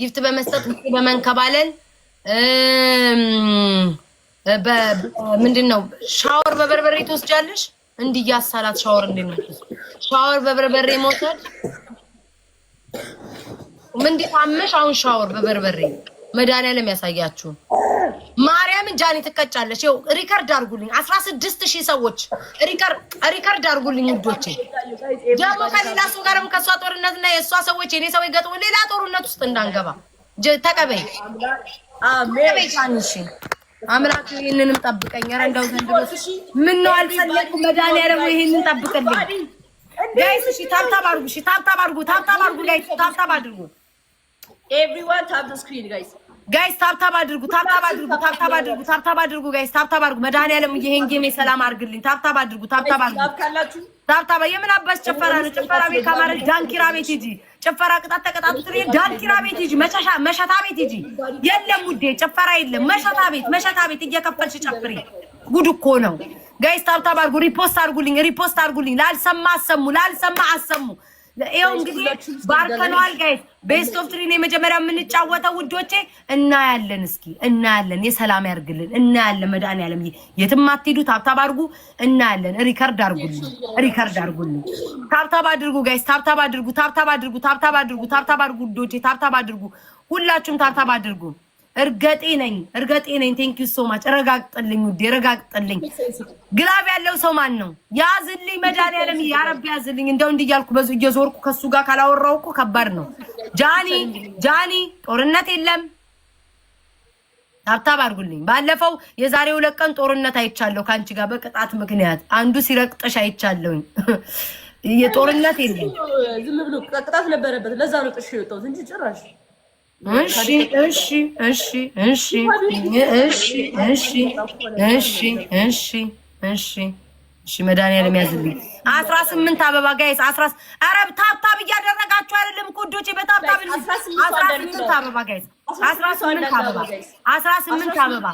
ጊፍት በመስጠት በመንከባለል ምንድን ነው ሻወር በበርበሬ ትወስጃለሽ? እንዲህ እያሳላት ሻወር እንዴት ነው ሻወር በበርበሬ መውሰድ? ምንድን ታመሽ አሁን ሻወር በበርበሬ መድኃኒዓለም ያሳያችሁ። ማርያምን ጃኒ ትቀጫለች። ይኸው ሪከርድ አድርጉልኝ፣ አስራ ስድስት ሺህ ሰዎች ሪከርድ አድርጉልኝ። ውዶቼ ደግሞ ከሌላ ሰው ጋርም ከእሷ ጦርነትና የእሷ ሰዎች የኔ ሰው ይገጥሙ፣ ሌላ ጦርነት ውስጥ እንዳንገባ ተቀበይ ተቀበይ። ጃኒሽ አምላክ ይህንንም ጠብቀኝ። ኧረ እንደው ዘንድ ምነው አልፈለኩም። መድኃኒዓለም ይህንን ጠብቅልኝ። ጋይስ እሺ፣ ታብታብ አድርጉ። ታብታብ አድርጉ። ታብታብ አድርጉ ጋይስ። ታብታብ አድርጉ። ኤቭሪዋን ታብ ስክሪን ጋይስ ጋይስ ታብታብ አድርጉ፣ ታብታብ አድርጉ፣ ታብታብ አድርጉ፣ ታብታብ አድርጉ። ጋይስ ታብታብ አድርጉ። መድኃኒዓለም ይሄን ጌሜ ሰላም አድርግልኝ። ታብታብ አድርጉ፣ ታብታብ አድርጉ። ታብታብ የምን አባስ ጭፈራ ነው? ጭፈራ ቤት ካማረች ዳንኪራ ቤት ሂጂ። ጭፈራ ቅጣት ተቀጣቱ ትሪ ዳንኪራ ቤት ሂጂ። መሸሻ መሸታ ቤት ሂጂ። የለም ውዴ ጭፈራ የለም። መሸታ ቤት መሸታ ቤት እየከፈልሽ ጨፍሪ። ጉድ እኮ ነው ጋይስ። ታብታብ አድርጉ፣ ሪፖስት አድርጉልኝ፣ ሪፖስት አድርጉልኝ። ላልሰማ አሰሙ፣ ላልሰማ አሰሙ። ይኸው እንግዲህ ባርከነዋል። ጋይስ ቤስት ኦፍ ትሪ ነው የመጀመሪያ የምንጫወተው ውዶቼ። እናያለን፣ እስኪ እናያለን። የሰላም ያርግልን። እናያለን። መድኃኒዓለም የትም አትሄዱ። ታብታብ አድርጉ። እናያለን። ሪከርድ አድርጉልኝ፣ ሪከርድ አድርጉልኝ። ታብታብ አድርጉ ጋይስ፣ ታብታብ አድርጉ፣ ታብታብ አድርጉ፣ ታብታብ አድርጉ፣ ታብታብ አድርጉ ውዶቼ፣ ታብታብ አድርጉ። ሁላችሁም ታብታብ አድርጉ። እርገጤ ነኝ እርገጤ ነኝ። ቴንክ ዩ ሶ ማች ረጋግጥልኝ ውዴ ረጋግጥልኝ። ግላብ ያለው ሰው ማን ነው? ያዝልኝ መድኃኒዓለም ያረብ ያዝልኝ። እንደው እንዲህ እያልኩ በዙ እየዞርኩ ከሱ ጋር ካላወራው እኮ ከባድ ነው። ጃኒ ጃኒ ጦርነት የለም ታብታብ አድርጉልኝ። ባለፈው የዛሬ ሁለት ቀን ጦርነት አይቻለሁ ከአንቺ ጋር በቅጣት ምክንያት አንዱ ሲረቅጥሽ አይቻለሁኝ። የጦርነት የለም ዝም ብሎ ቅጣት ነበረበት። ለዛ ነው ጥሽ የወጣሁት እንጂ ጭራሽ እሺ እሺ እሺ እሺ እሺ እሺ እሺ እሺ እሺ እሺ መድኃኒዓለም ያዝልኝ። አስራ ስምንት አበባ ጋይስ አስራ ኧረ ታብታብ እያደረጋችሁ አይደለም ቁዶች በታብታብ አስራ ስምንት አበባ ጋይስ አስራ ስምንት አበባ አስራ ስምንት አበባ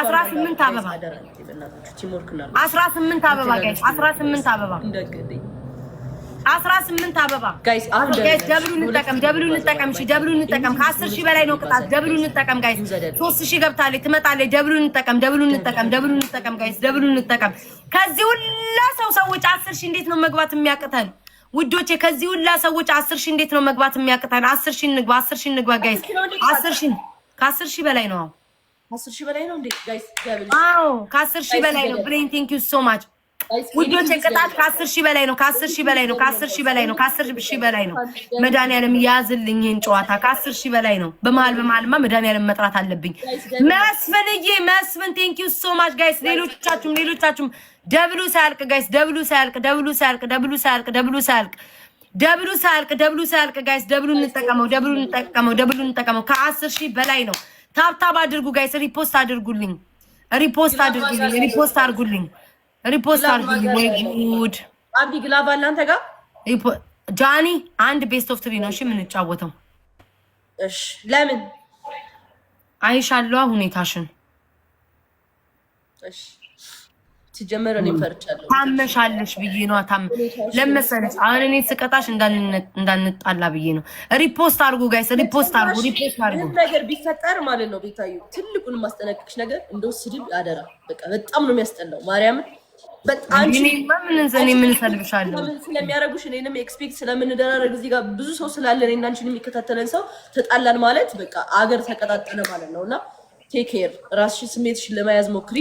አስራ ስምንት አበባ አስራ ስምንት አበባ አስራ ስምንት አበባ ጋይስ አስራ ስምንት አበባ አስራ ስምንት አበባ ጋይስ ደብሉ እንጠቀም፣ ደብሉ እንጠቀም፣ እሺ ደብሉ እንጠቀም። ከአስር ሺህ በላይ ነው ቅጣት። ደብሉ እንጠቀም ጋይስ። ሶስት ሺህ ገብታለች፣ ትመጣለች። ደብሉ እንጠቀም፣ ደብሉ እንጠቀም፣ ደብሉ እንጠቀም ጋይስ፣ ደብሉ እንጠቀም። ከዚህ ሁላ ሰው ሰዎች አስር ሺህ እንዴት ነው መግባት የሚያቅተን? ውዶቼ ከዚህ ሁላ ሰዎች አስር ሺህ እንዴት ነው መግባት የሚያቅተን? አስር ሺህ እንግባ፣ አስር ሺህ እንግባ ጋይስ። አስር ሺህ ከአስር ሺህ በላይ ነው። አዎ ከአስር ሺህ በላይ ነው ብሌን። ቴንክ ዩ ሶ ማች ውዶች ቅጣት ከአስር ሺህ በላይ ነው። ከአስር ሺህ በላይ ነው። ከአስር ሺህ በላይ ነው። ከአስር ሺህ በላይ ነው። መድኃኒዓለም ያዝልኝ ይህን ጨዋታ ከአስር ሺህ በላይ ነው። በመሀል በመሀልማ መድኃኒዓለም መጥራት አለብኝ። መስፍንዬ መስፍን ቴንኪዩ ሶ ማች ጋይስ። ሌሎቻችሁም ሌሎቻችሁም ደብሉ ሳያልቅ ጋይስ፣ ደብሉ ሳያልቅ፣ ደብሉ ሳያልቅ፣ ደብሉ ሳያልቅ፣ ደብሉ ሳያልቅ ደብሉ ሳያልቅ ደብሉ ሳያልቅ ጋይስ ደብሉ እንጠቀመው ደብሉ እንጠቀመው ደብሉ እንጠቀመው። ከአስር ሺህ በላይ ነው። ታብታብ አድርጉ ጋይስ፣ ሪፖስት አድርጉልኝ፣ ሪፖስት አድርጉልኝ፣ ሪፖስት አድርጉልኝ። ሪፖስት አድርጉ። ወይ ጉድ አብዲ ግላብ አለ አንተ ጋር ጃኒ። አንድ ቤስት ኦፍ ትሪ ነው እሺ የምንጫወተው። እሺ ለምን አይሻለዋ ሁኔታሽን ሲጀመረ እኔ ፈርቻለሁ። ታመሻለሽ ብዬ ነው ታም ለመሰለሽ። አሁን እኔ ስቀጣሽ እንዳንጣላ ብዬ ነው። ሪፖስት አድርጉ ጋይስ፣ ሪፖስት አድርጉ፣ ሪፖስት ነገር ቢፈጠር ማለት ነው ቤታዩ፣ ትልቁን ነገር እንደው ስድብ አደራ። በቃ በጣም ነው የሚያስጠላው ማርያምን ስለሚያደርጉሽ እኔንም ኤክስፔክት ስለምንደራረግ እዚህ ጋር ብዙ ሰው ስላለ የሚከታተለን ሰው ተጣላን ማለት በቃ አገር ተቀጣጠለ ማለት ነው። እና ቴክ ኬር ራስሽን ስሜትሽን ለመያዝ ሞክሪ።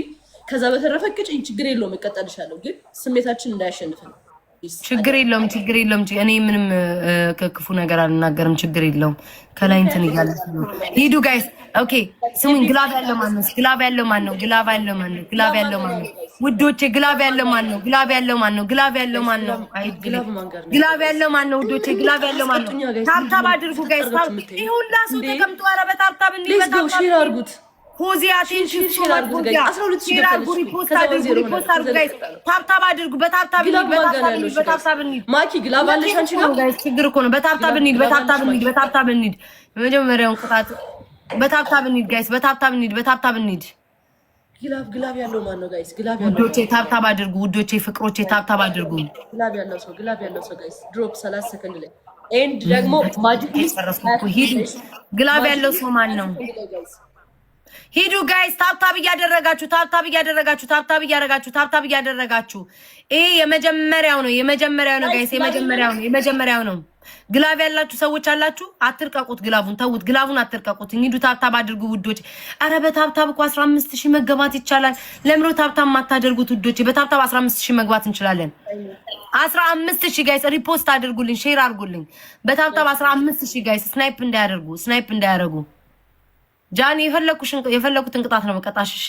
ከዛ በተረፈ ቅጭኝ፣ ችግር የለውም ግን ስሜታችን እንዳያሸንፍ ነው። ችግር የለውም፣ ችግር የለውም። እኔ ምንም ክፉ ነገር አልናገርም። ችግር የለውም። ከላይ እንትን እያለ ሂዱ ጋይስ። ኦኬ ስሙኝ። ግላብ ያለው ማን ነው? ግላብ ያለው ማን ነው? ግላብ ያለው ማን ነው? ግላብ ያለው ማን ነው? ውዶቼ ግላብ ያለው ማን ነው? ግላብ ያለው ማን ነው? ግላብ ያለው ማን ነው? ግላብ ያለው ማን ነው? ውዶቼ ግላብ ያለው ማን ነው? ታብታብ አድርጉ ጋይስ። ይሁላ ሰው ተቀምጦ እንዲበታ በታብታብ እንዲበጣ ሆዚያ ቴንሽን ሶማል ሆዚያ ሼር አድርጉ፣ ሪፖስት አድርጉ፣ ሪፖስት አድርጉ። ጋይስ ታብታብ አድርጉ። በታብታብ እንሂድ፣ በታብታብ እንሂድ፣ በታብታብ እንሂድ። ማኪ ግላብ አንቺ ጋር ጋይስ፣ ችግር እኮ ነው። በታብታብ እንሂድ፣ በታብታብ እንሂድ፣ በታብታብ እንሂድ። መጀመሪያውን ቅጣት በታብታብ እንሂድ ጋይስ፣ በታብታብ እንሂድ፣ በታብታብ እንሂድ። ግላብ ግላብ ያለው ማን ነው ጋይስ? ግላብ ያለው ውዶቼ፣ ታብታብ አድርጉ ውዶቼ፣ ፍቅሮቼ፣ ታብታብ አድርጉ። ግላብ ያለው ሰው ግላብ ያለው ሰው ጋይስ፣ ድሮፕ 30 ሰከንድ ላይ ኤንድ ደግሞ ማጂክ ግላብ ያለው ሰው ማን ነው? ሂዱ ጋይስ፣ ታብታብ እያደረጋችሁ ታብታብ እያደረጋችሁ ታብታብ እያደረጋችሁ ታብታብ እያደረጋችሁ። ይሄ የመጀመሪያው ነው፣ የመጀመሪያው ነው ጋይስ፣ የመጀመሪያው ነው፣ የመጀመሪያው ነው። ግላቭ ያላችሁ ሰዎች አላችሁ፣ አትርቀቁት። ግላቡን ተውት፣ ግላቡን አትርቀቁት። ሂዱ ታብታብ አድርጉ ውዶች። አረ በታብታብ እኮ ሺህ መገባት ይቻላል። ለምሮ ታብታብ ማታደርጉት ውዶች? በታብታብ ሺህ መግባት እንችላለን። ሺህ ጋይስ፣ ሪፖስት አድርጉልኝ፣ ሼር አድርጉልኝ። በታብታብ ሺህ ጋይስ። ስናይፕ እንዳያደርጉ፣ ስናይፕ እንዳያደርጉ ጃኒ የፈለኩትን ቅጣት ነው መቀጣሽ። እሺ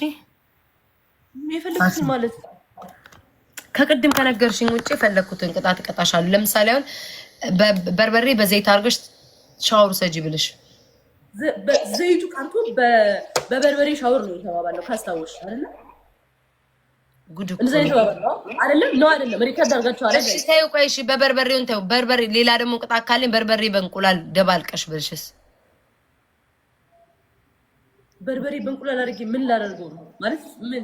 የፈለኩትን ማለት ከቅድም ከነገርሽኝ ውጭ የፈለኩትን ቅጣት እቀጣሻለሁ። ለምሳሌ አሁን በርበሬ በዘይት አድርገሽ ሻወር ሰጂ ብልሽ ዘይቱ ቀርቶ በበርበሬ ሻወር ነው የተባባለው ካስታወሽ አለ ጉድ እኮ አይደለም ነው አይደለም። ሪከርድ አድርጋችሁ አለ። እሺ ተይው፣ ቆይ እሺ፣ በበርበሬውን ተይው። በርበሬ ሌላ ደግሞ ቅጣት ካለኝ በርበሬ በእንቁላል ደባልቀሽ ብልሽስ በርበሬ በእንቁላል አድርጌ ምን ላደርገው ነው ማለት? ምን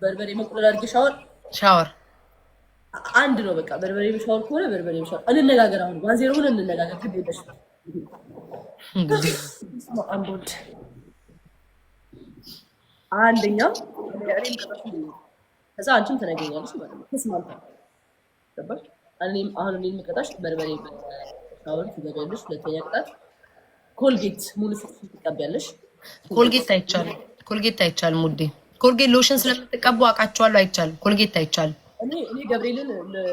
በርበሬ በእንቁላል አድርጌ ሻወር ሻወር አንድ ነው በቃ። በርበሬ በሻወር ከሆነ በርበሬ በሻወር እንነጋገር። አሁን ዋን ዜሮ ሆነ እንነጋገር። ግድ የለሽ አንቦልድ አንደኛ ከዛ አንቺም ተነገኛለች ማለት ነው። ተስማምታ እኔም አሁን እኔን የምቀጣሽ በርበሬ ሻወር ትገቢያለሽ። ሁለተኛ ቅጣት ኮልጌት ሙሉ ፊት ትቀቢያለሽ። ኮልጌት አይቻልም። ኮልጌት አይቻልም ውዴ። ኮልጌት ሎሽን ስለምትቀቡ አውቃቸዋለሁ። አይቻልም። ኮልጌት አይቻልም። እኔ እኔ ገብርኤልን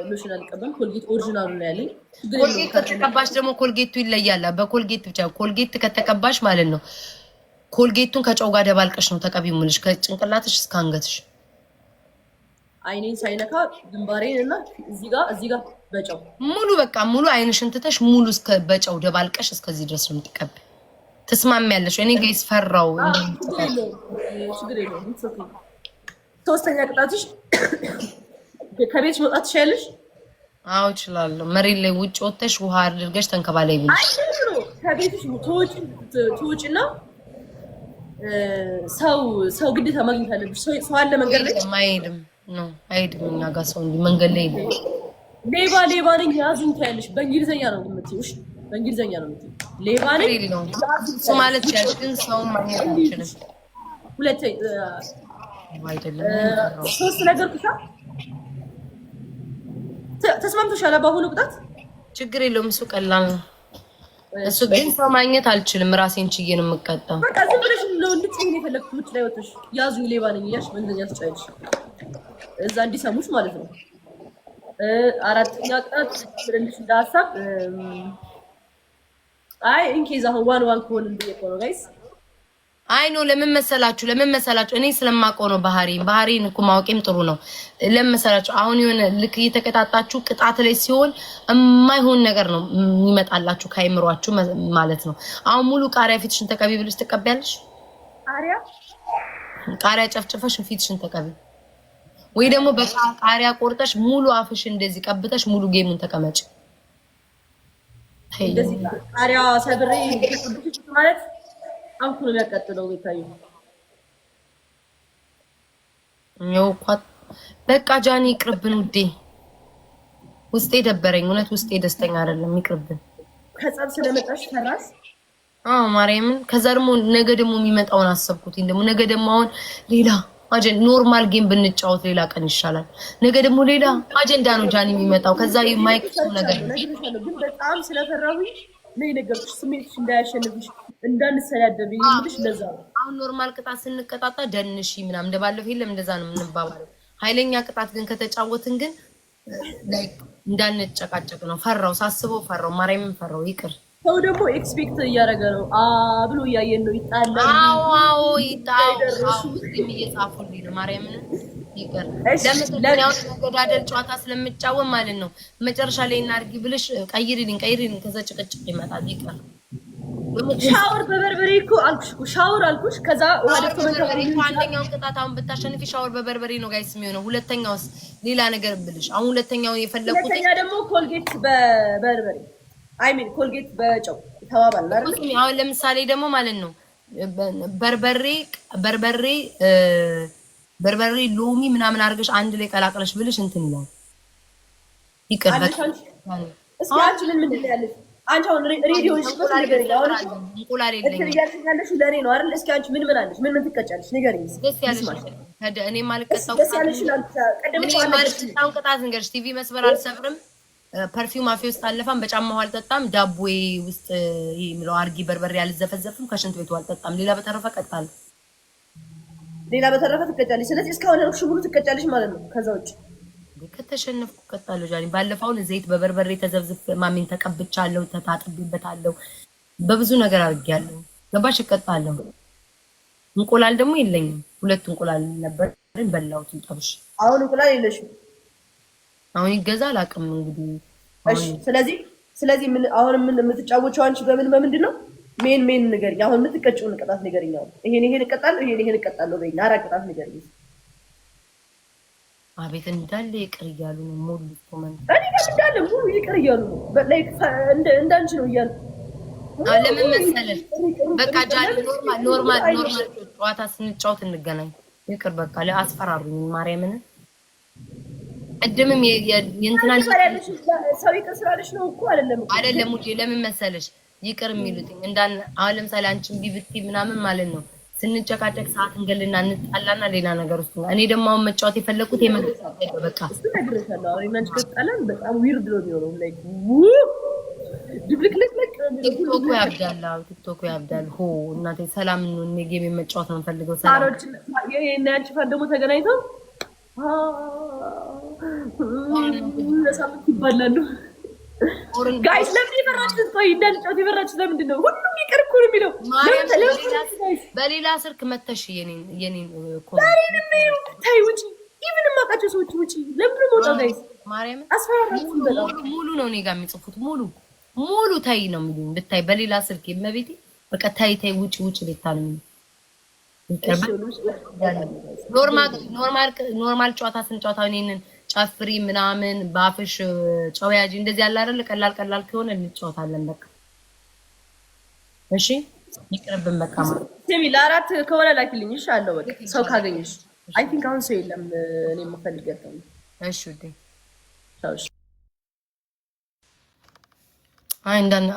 ሎሽን አልቀበም። ኮልጌት ኦሪጂናሉ ነው ያለኝ። ኮልጌት ከተቀባሽ ደግሞ ኮልጌቱ ይለያል። በኮልጌት ብቻ ኮልጌት ከተቀባሽ ማለት ነው። ኮልጌቱን ከጨው ጋር ደባልቀሽ ነው ተቀቢ የምልሽ፣ ከጭንቅላትሽ እስከ አንገትሽ። አይኔን ሳይነካ ግንባሬን እና እዚህ ጋር እዚህ ጋር በጨው ሙሉ በቃ ሙሉ አይንሽን ትተሽ ሙሉ እስከ በጨው ደባልቀሽ እስከዚህ ድረስ ነው የምትቀቢ ትስማሚያለሽ? እኔ ጋር ይስፈራው ሶስተኛ ቅጣትሽ ከቤትሽ መውጣት ትችያለሽ። አዎ እችላለሁ። መሬት ላይ ውጭ ወተሽ ውሃ አድርገሽ ተንከባላይ ብል ከቤትሽ ሰው ሰው ግዴታ ማግኘት አለብሽ። ሰው አለ መንገድ ላይ አይሄድም ነው አይሄድም። እኛ ጋር ሰው እንዲህ መንገድ ላይ ሌባ ሌባ ነኝ ያዙኝ ትያለሽ። በእንግሊዝኛ ነው የምትይው። እሺ በእንግሊዝኛ ነው የምትይው። ሌባ ነኝ ማለት ያልሽ ግን ሰው ማግኘት አልችልም። ሁለት ሶስት ነገር ብቻ ተስማምቶሻል። በአሁኑ ቅጣት ችግር የለውም። እሱ ቀላል ነው። እሱ ግን ሰው ማግኘት አልችልም። ራሴን ችዬ ነው የምቀጣው። በቃ ዝም ብለሽ እንድትይኝ ውጭ ላይ ወጥተሽ ያዙ ሌባ ነኝ እያልሽ በእንግሊዝኛ እዛ እንዲሰሙሽ ማለት ነው። አራተኛ ቅጣት ትንሽ እንደ ሀሳብ አይ ኢንኬዝ አሁን ዋን ዋን ከሆንን ብዬ እኮ ነው ጋይስ። አይ ኖ ለምን መሰላችሁ ለምን መሰላችሁ እኔ ስለማውቀው ነው ባህሪ ባህሪን እኮ ማወቄም ጥሩ ነው። ለምን መሰላችሁ አሁን የሆነ ልክ እየተቀጣጣችሁ ቅጣት ላይ ሲሆን የማይሆን ነገር ነው የሚመጣላችሁ ከአይምሯችሁ ማለት ነው። አሁን ሙሉ ቃሪያ ፊትሽን ተቀቢ ብለሽ ትቀቢያለሽ። ቃሪያ ቃሪያ ጨፍጭፈሽ ፊትሽን ተቀቢ፣ ወይ ደግሞ በቃሪያ ቆርጠሽ ሙሉ አፍሽ እንደዚህ ቀብተሽ ሙሉ ጌሙን ተቀመጭ። ጣሪያ ሰብሬ ማለት አንኩ ነው የሚያቃጥለው። ቤታዩ ያው በቃ ጃኒ ይቅርብን ውዴ። ውስጤ ደበረኝ እውነት፣ ውስጤ ደስተኛ አይደለም። ይቅርብን። ከጻም ስለመጣሽ ፈራስ አዎ ማርያምን። ከዛ ደግሞ ነገ ደግሞ የሚመጣውን አሰብኩት። ደግሞ ነገ ደግሞ አሁን ሌላ አጀንዳ ኖርማል ጌም ብንጫወት ሌላ ቀን ይሻላል። ነገ ደግሞ ሌላ አጀንዳ ነው ጃን የሚመጣው። ከዛ የማይቀሱ ነገር ግን በጣም ስለፈራሁኝ ነው የነገርኩሽ። ስሜትሽ እንዳያሸንፍሽ እንዳንሰዳደብ ይልሽ። ለዛ ነው አሁን ኖርማል ቅጣት ስንቀጣጣ ደንሽ ምናም እንደባለፈው የለም እንደዛ ነው የምንባባለው። ኃይለኛ ቅጣት ግን ከተጫወትን ግን እንዳንጨቃጨቅ ነው። ፈራው ሳስበው ፈራው ማርያምን ፈራው ይቅር ሰው ደግሞ ኤክስፔክት እያደረገ ነው ብሎ እያየን ነው። ይጣላል። አዎ ጨዋታ ስለምጫወት ማለት ነው። መጨረሻ ላይ እናድርጊ ብልሽ ቀይሪልኝ፣ ቀይሪልኝ። ከዛ ጭቅጭቅ ይመጣል። ይቅር ሻወር በበርበሬ እኮ አልኩሽ እኮ ሻወር አልኩሽ። ከዛ አንደኛውን ቅጣት አሁን ብታሸንፊ ሻወር በበርበሬ ነው ጋይስ የሚሆነው። ሁለተኛውስ ሌላ ነገር ብልሽ አሁን ሁለተኛውን የፈለኩት ሁለተኛ ደግሞ ኮልጌት በበርበሬ አይሚን ኮልጌት በጨው ተባባል አይደል? አሁን ለምሳሌ ደግሞ ማለት ነው በርበሬ በርበሬ በርበሬ ሎሚ ምናምን አድርገሽ አንድ ላይ ቀላቅለሽ ብልሽ እንትን ይላል ይቀርባል። አንቺ ምን ምን ያለሽ? አንቺ አሁን ሬዲዮ እንቁላል የለኝም እያልሽኝ ለእኔ ነው አይደል? እስኪ አንቺ ምን ምን አለሽ? ምን ምን ትቀጫለሽ? ንገሪኝ። ደስ ያለሽ እኔ የማልቀጣው ቅጣት ንገርሽ። ቲቪ መስበር አልሰብርም ፐርፊውም አፌ ውስጥ አለፋም፣ በጫማው አልጠጣም፣ ዳቦዬ ውስጥ የሚለው አርጊ በርበሬ አልዘፈዘፍም፣ ከሽንት ቤቱ አልጠጣም። ሌላ በተረፈ ቀጣል፣ ሌላ በተረፈ ትቀጫለች። ስለዚህ እስካሁን ያልኩሽ ሙሉ ትቀጫለች ማለት ነው። ከዛ ውጭ ከተሸነፍኩ ቀጣለሁ። ጃኒ ባለፈውን ዘይት በበርበሬ ተዘብዝፍ ማሚን ተቀብቻለሁ፣ ተታጥቤበታለሁ፣ በብዙ ነገር አድርጌያለሁ። ገባሽ? እቀጣለሁ። እንቁላል ደግሞ የለኝም። ሁለት እንቁላል ነበር በላሁት። ጠብሽ አሁን እንቁላል የለሽም። አሁን ይገዛ አላውቅም እንግዲህ። እሺ፣ ስለዚህ ስለዚህ ምን አሁን ምን የምትጫወቸው አንቺ በምን በምንድን ነው? ሜን ሜን ንገሪኝ። አሁን የምትቀጭውን ቅጣት ንገሪኝ። አሁን ይሄን ይሄን እቀጣለሁ፣ ይሄን ይሄን እቀጣለሁ በይኝ። አራት ቅጣት ንገሪኝ። አቤት እንዳለ ይቅር እያሉ ነው ሙሉ ኮመንት እኔ ጋር እንዳለ ሙሉ ይቅር እያሉ ነው። ላይክ እንዳንቺ ነው እያሉ ለምን መሰለሽ፣ በቃ ጃኒ ኖርማል ኖርማል ኖርማል ጨዋታ ስንጫወት እንገናኝ። ይቅር በቃ ለአስፈራሩኝ ማርያምን ቅድምም የእንትናን ሰው ይቅር ስላለሽ ነው እኮ አይደለም አይደለም ውጪ ለምን መሰለሽ ይቅር የሚሉት እንዳን አሁን ለምሳሌ አንቺን ቢብቲ ምናምን ማለት ነው ስንጨቃጨቅ ሰዓት እንገልና እንጣላና ሌላ ነገር ውስጥ እኔ ደግሞ አሁን መጫወት የፈለግኩት የመግለጽ በቃ በጣም ዊርድ ነው የሚሆነው ላይክ ቲክቶኩ ያብዳል። ቲክቶኩ ያብዳል። ሆ እናቴ ሰላም ነው። እኔ ጌም የመጫወት ነው የምፈልገው። ሰላም ነው። የእናንቺ ደግሞ ተገናኝተው ሳምንት ይባላሉ። ጋይስ ለምን የፈራችሁት? ቆይ እንዳልጫወት የፈራችሁት ለምንድን ነው? ሁሉም ይቅር እኮ ነው የሚለው። በሌላ ስልክ መተሽ የኔን ታይ ውጪ፣ ኢቭን የማውቃቸው ሰዎች ውጪ። ለምንድን ነው የምወጣው? ጋይስ ማርያምን አስፈራራችሁ። ሙሉ ነው እኔ ጋር የሚጽፉት ሙሉ ሙሉ ታይ ነው የሚሉኝ። ብታይ በሌላ ስልክ የመቤቴ በቃ ታይ ታይ፣ ውጪ ውጪ፣ ቤታ ነው የሚሉኝ። ኖርማል ጨዋታ ስንጨዋታ እኔንን ጨፍሪ ምናምን በአፍሽ ጨውያጂ እንደዚህ ያለ አይደል? ቀላል ቀላል ከሆነ እንጫወታለን። በቃ እሺ፣ ይቅርብን። በቃ ስሚ፣ ለአራት ከሆነ ላኪልኝ። እሺ፣ አለው በቃ ሰው ካገኘሽ። አይ ቲንክ አሁን ሰው የለም። እኔ የምፈልግ ያለው እሺ። ውዴ፣ አይ እንዳና